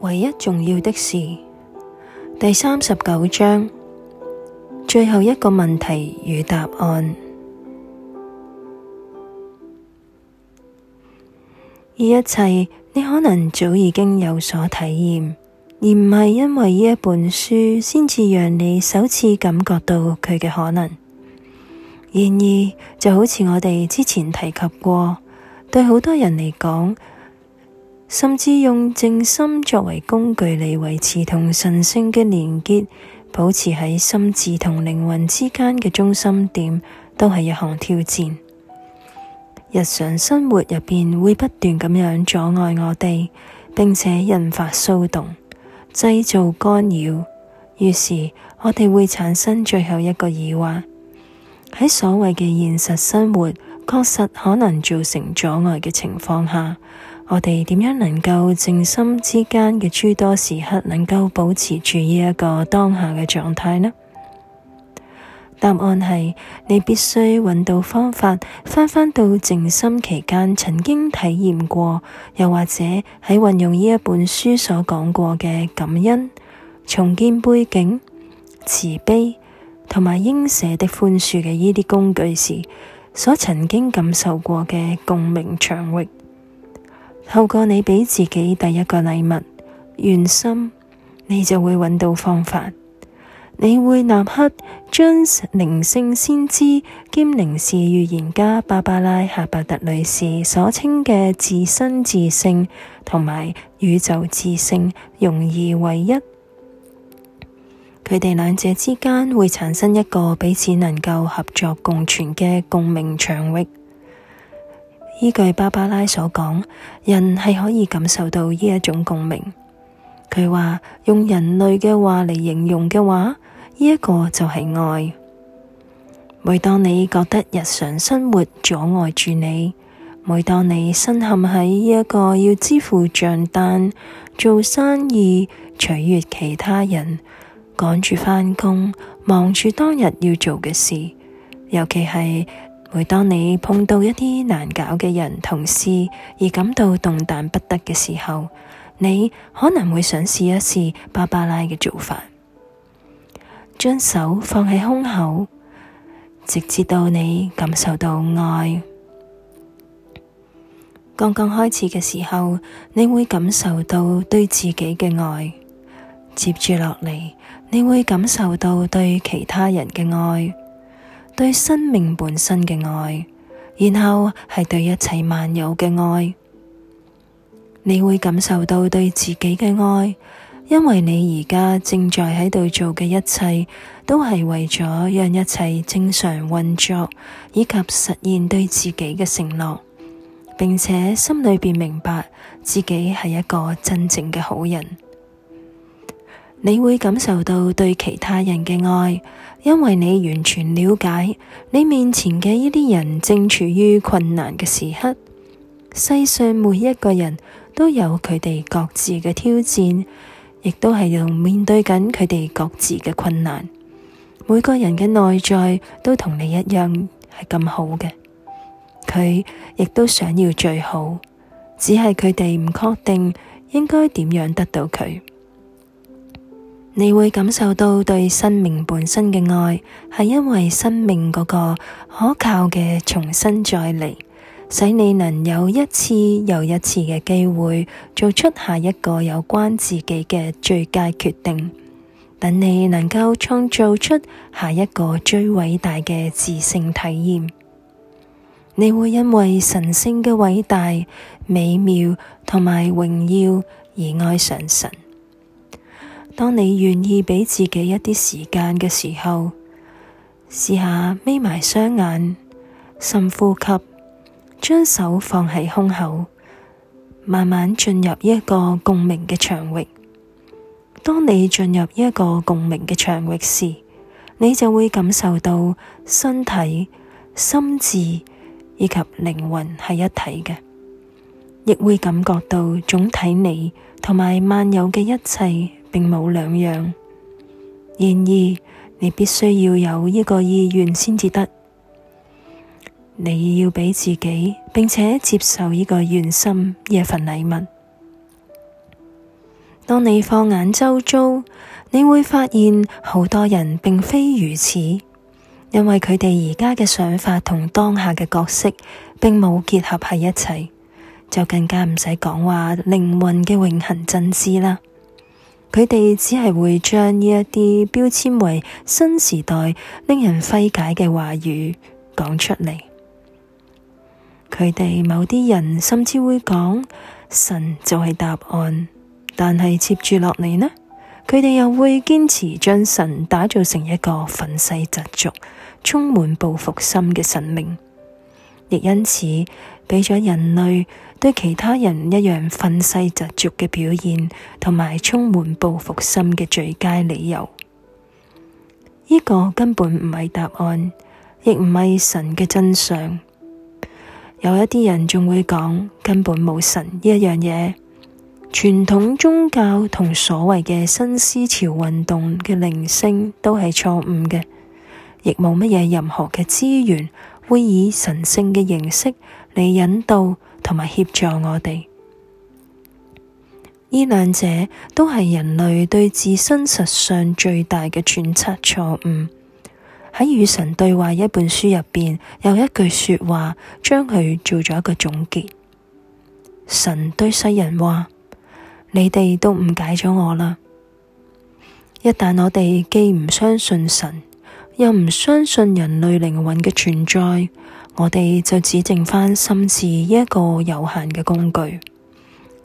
唯一重要的事第三十九章，最後一個問題與答案。呢一切，你可能早已經有所體驗，而唔係因為呢一本書先至讓你首次感覺到佢嘅可能。然而，就好似我哋之前提及過，對好多人嚟講。甚至用靜心作為工具嚟維持同神聖嘅連結，保持喺心智同靈魂之間嘅中心點，都係一項挑戰。日常生活入邊會不斷咁樣阻礙我哋，並且引發騷動，製造干擾，於是我哋會產生最後一個疑惑：喺所謂嘅現實生活確實可能造成阻礙嘅情況下。我哋點樣能夠靜心之間嘅諸多時刻，能夠保持住呢一個當下嘅狀態呢？答案係你必須揾到方法，翻返到靜心期間曾經體驗過，又或者喺運用呢一本書所講過嘅感恩、重建背景、慈悲同埋應捨的寬恕嘅呢啲工具時，所曾經感受過嘅共鳴場域。透過你畀自己第一個禮物，原心，你就會揾到方法。你會立刻將靈性先知兼靈視預言家芭芭拉夏伯特女士所稱嘅自身自性同埋宇宙自性融而為一，佢哋兩者之間會產生一個彼此能夠合作共存嘅共鳴場域。依據芭芭拉所講，人係可以感受到呢一種共鳴。佢話用人類嘅話嚟形容嘅話，呢一個就係愛。每當你覺得日常生活阻礙住你，每當你身陷喺呢一個要支付賬單、做生意、取悅其他人、趕住返工、忙住當日要做嘅事，尤其係。每當你碰到一啲難搞嘅人、同事而感到動彈不得嘅時候，你可能會想試一試芭芭拉嘅做法，將手放喺胸口，直至到你感受到愛。剛剛開始嘅時候，你會感受到對自己嘅愛。接住落嚟，你會感受到對其他人嘅愛。對生命本身嘅愛，然後係對一切萬有嘅愛，你會感受到對自己嘅愛，因為你而家正在喺度做嘅一切都係為咗讓一切正常運作，以及實現對自己嘅承諾，並且心裏面明白自己係一個真正嘅好人，你會感受到對其他人嘅愛。因為你完全了解你面前嘅呢啲人正處於困難嘅時刻，世上每一個人都有佢哋各自嘅挑戰，亦都係用面對緊佢哋各自嘅困難。每個人嘅內在都同你一樣係咁好嘅，佢亦都想要最好，只係佢哋唔確定應該點樣得到佢。你會感受到對生命本身嘅愛，係因為生命嗰個可靠嘅重新再嚟，使你能有一次又一次嘅機會，做出下一個有關自己嘅最佳決定。等你能夠創造出下一個最偉大嘅自性體驗，你會因為神聖嘅偉大、美妙同埋榮耀而愛上神。當你願意畀自己一啲時間嘅時候，試下眯埋雙眼，深呼吸，將手放喺胸口，慢慢進入一個共鳴嘅場域。當你進入一個共鳴嘅場域時，你就會感受到身體、心智以及靈魂係一體嘅，亦會感覺到總體你同埋萬有嘅一切。並冇兩樣，然而你必須要有呢個意願先至得，你要畀自己並且接受呢個願心呢份禮物。當你放眼周遭，你會發現好多人並非如此，因為佢哋而家嘅想法同當下嘅角色並冇結合喺一齊，就更加唔使講話靈魂嘅永恆真知啦。佢哋只係會將呢一啲標籤為新時代令人費解嘅話語講出嚟。佢哋某啲人甚至會講，神就係答案，但係接住落嚟呢，佢哋又會堅持將神打造成一個憤世嫉俗、充滿報復心嘅神明，亦因此畀咗人類。對其他人一樣憤世嫉俗嘅表現，同埋充滿報復心嘅最佳理由，呢個根本唔係答案，亦唔係神嘅真相。有一啲人仲會講根本冇神呢一樣嘢，傳統宗教同所謂嘅新思潮運動嘅靈性都係錯誤嘅，亦冇乜嘢任何嘅資源會以神聖嘅形式嚟引導。同埋協助我哋，呢兩者都係人類對自身實相最大嘅揣測錯誤。喺與神對話一本書入邊，有一句說話將佢做咗一個總結。神對世人話：你哋都誤解咗我啦！一旦我哋既唔相信神，又唔相信人類靈魂嘅存在。我哋就只剩翻心智一個有限嘅工具，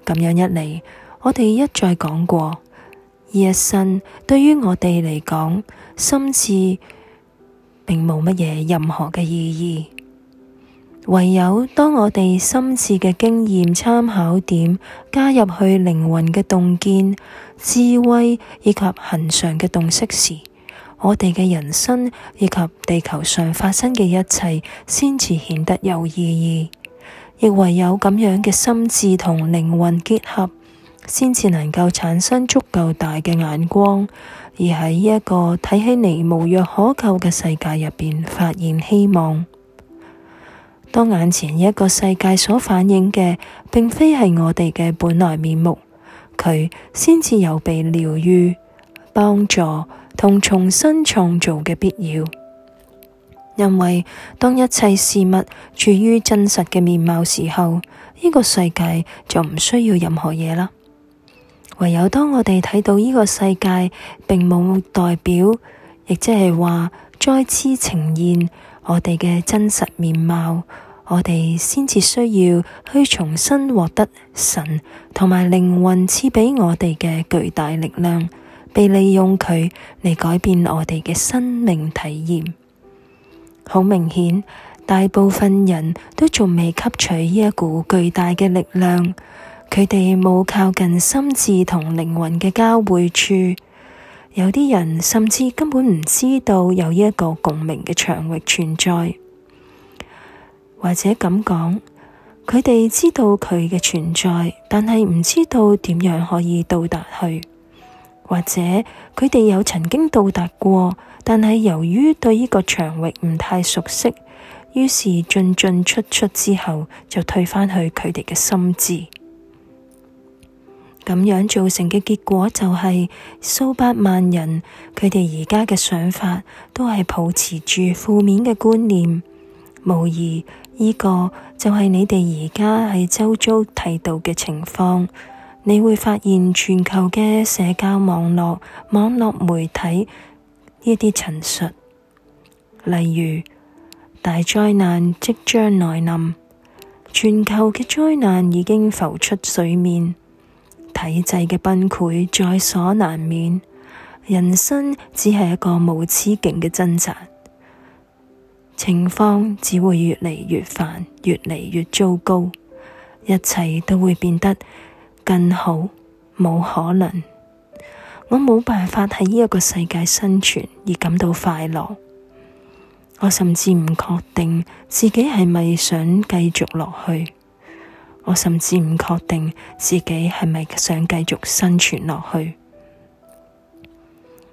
咁樣一嚟，我哋一再講過，而神對於我哋嚟講，心智並冇乜嘢任何嘅意義。唯有當我哋心智嘅經驗參考點加入去靈魂嘅洞見、智慧以及恆常嘅洞悉時。我哋嘅人生以及地球上發生嘅一切，先至顯得有意義；亦唯有咁樣嘅心智同靈魂結合，先至能夠產生足夠大嘅眼光，而喺一個睇起嚟無藥可救嘅世界入邊發現希望。當眼前一個世界所反映嘅，並非係我哋嘅本來面目，佢先至有被療愈、幫助同重新創造嘅必要，因為當一切事物處於真實嘅面貌時候，呢個世界就唔需要任何嘢啦。唯有當我哋睇到呢個世界並冇代表，亦即係話再次呈現我哋嘅真實面貌，我哋先至需要去重新獲得神同埋靈魂賜畀我哋嘅巨大力量。被利用佢嚟改變我哋嘅生命體驗，好明顯。大部分人都仲未吸取呢一股巨大嘅力量，佢哋冇靠近心智同靈魂嘅交匯處。有啲人甚至根本唔知道有呢一個共鳴嘅場域存在，或者咁講，佢哋知道佢嘅存在，但係唔知道點樣可以到達去。或者佢哋有曾經到達過，但係由於對呢個場域唔太熟悉，於是進進出出之後就退返去佢哋嘅心智。咁樣造成嘅結果就係、是、數百萬人，佢哋而家嘅想法都係抱持住負面嘅觀念。無疑，呢、這個就係你哋而家喺周遭睇到嘅情況。你會發現全球嘅社交網絡、網絡媒體呢啲陳述，例如大災難即將來臨，全球嘅災難已經浮出水面，體制嘅崩潰在所難免，人生只係一個無止境嘅掙扎，情況只會越嚟越煩，越嚟越糟糕，一切都會變得，更好，冇可能，我冇辦法喺呢一個世界生存而感到快樂。我甚至唔確定自己係咪想繼續落去，我甚至唔確定自己係咪想繼續生存落去。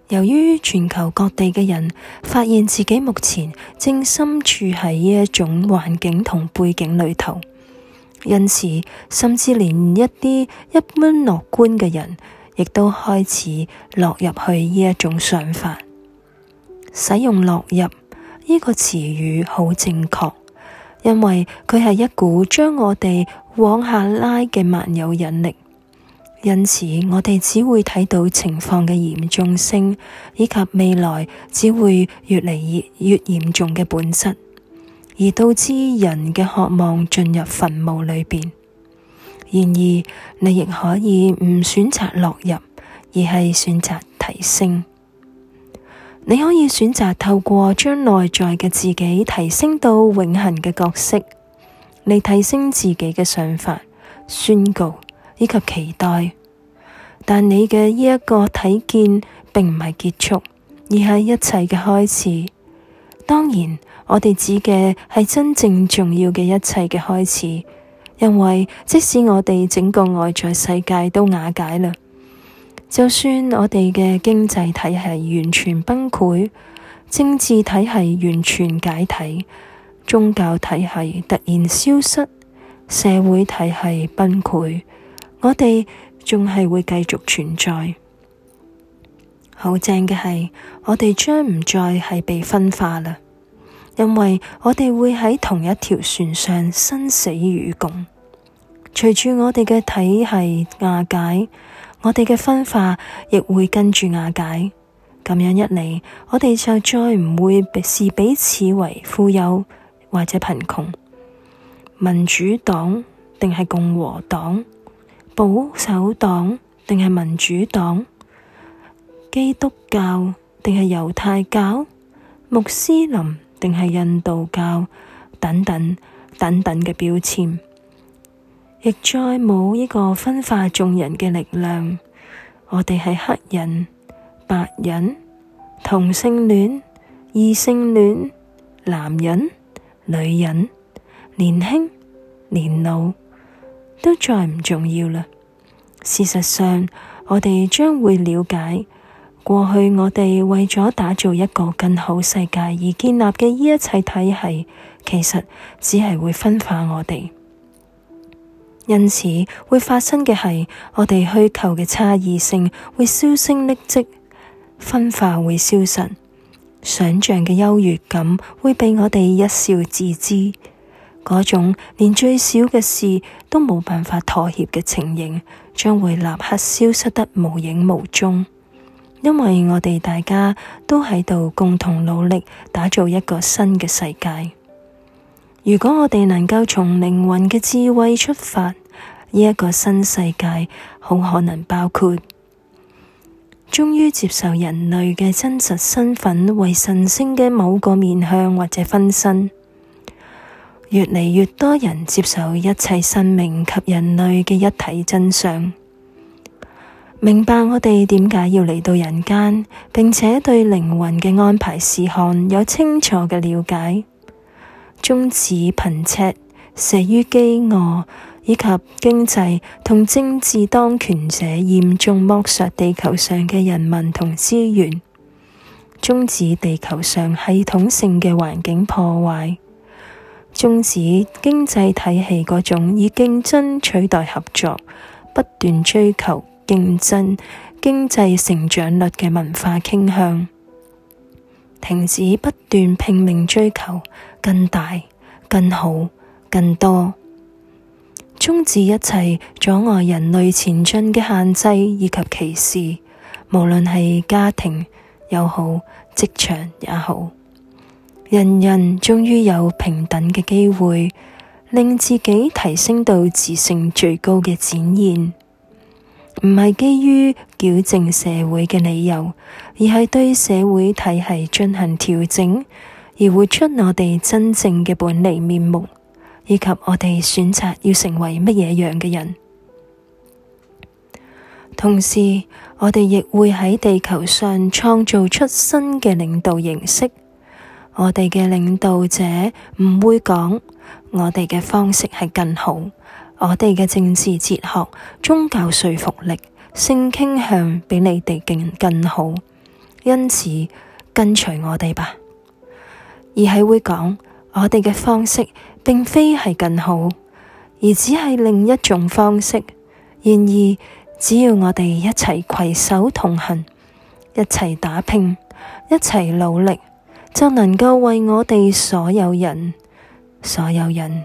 由於全球各地嘅人發現自己目前正身處喺呢一種環境同背景裏頭。因此，甚至連一啲一般樂觀嘅人，亦都開始落入去呢一種想法。使用落入呢個詞語好正確，因為佢係一股將我哋往下拉嘅萬有引力。因此，我哋只會睇到情況嘅嚴重性，以及未來只會越嚟越嚴重嘅本質。而導致人嘅渴望進入墳墓裏邊。然而，你亦可以唔選擇落入，而係選擇提升。你可以選擇透過將內在嘅自己提升到永恆嘅角色，嚟提升自己嘅想法、宣告以及期待。但你嘅呢一個睇見，並唔係結束，而係一切嘅開始。當然。我哋指嘅係真正重要嘅一切嘅開始，因為即使我哋整個外在世界都瓦解啦，就算我哋嘅經濟體系完全崩潰、政治體系完全解體、宗教體系突然消失、社會體系崩潰，我哋仲係會繼續存在。好正嘅係，我哋將唔再係被分化啦。因為我哋會喺同一條船上生死與共，隨住我哋嘅體系瓦解，我哋嘅分化亦會跟住瓦解。咁樣一嚟，我哋就再唔會視彼此為富有或者貧窮、民主黨定係共和黨、保守黨定係民主黨、基督教定係猶太教、穆斯林。定係印度教等等等等嘅標籤，亦再冇一個分化眾人嘅力量。我哋係黑人、白人、同性戀、異性戀、男人、女人、年輕、年老，都再唔重要啦。事實上，我哋將會了解。過去我哋為咗打造一個更好世界而建立嘅呢一切體系，其實只係會分化我哋。因此會發生嘅係，我哋虛構嘅差異性會銷聲匿迹，分化會消失，想象嘅優越感會畀我哋一笑置之。嗰種連最小嘅事都冇辦法妥協嘅情形，將會立刻消失得無影無蹤。因為我哋大家都喺度共同努力打造一個新嘅世界。如果我哋能夠從靈魂嘅智慧出發，呢、這、一個新世界好可能包括，終於接受人類嘅真實身份為神聖嘅某個面向或者分身。越嚟越多人接受一切生命及人類嘅一體真相。明白我哋點解要嚟到人間，並且對靈魂嘅安排事項有清楚嘅了解，終止貧赤、死於饑餓以及經濟同政治當權者嚴重剝削地球上嘅人民同資源，終止地球上系統性嘅環境破壞，終止經濟體系嗰種以競爭取代合作，不斷追求。競爭經濟成長率嘅文化傾向，停止不斷拼命追求更大、更好、更多，終止一切阻礙人類前進嘅限制以及歧視，無論係家庭又好，職場也好，人人終於有平等嘅機會，令自己提升到自性最高嘅展現。唔係基於矯正社會嘅理由，而係對社會體系進行調整，而活出我哋真正嘅本嚟面目，以及我哋選擇要成為乜嘢樣嘅人。同時，我哋亦會喺地球上創造出新嘅領導形式。我哋嘅領導者唔會講我哋嘅方式係更好。我哋嘅政治哲學、宗教說服力、性傾向比你哋更更好，因此跟隨我哋吧。而係會講我哋嘅方式，並非係更好，而只係另一種方式。然而，只要我哋一齊攜手同行，一齊打拼，一齊努力，就能夠為我哋所有人，所有人。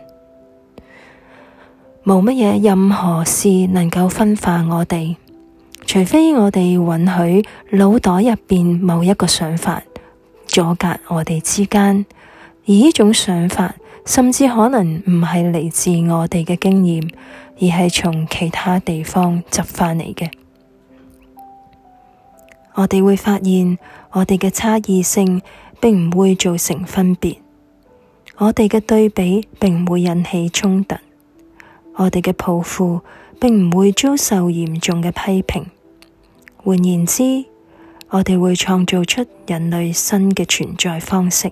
冇乜嘢，任何事能夠分化我哋，除非我哋允許腦袋入邊某一個想法阻隔我哋之間，而呢種想法甚至可能唔係嚟自我哋嘅經驗，而係從其他地方執翻嚟嘅。我哋會發現，我哋嘅差異性並唔會造成分別，我哋嘅對比並唔會引起衝突。我哋嘅抱負並唔會遭受嚴重嘅批評。換言之，我哋會創造出人類新嘅存在方式。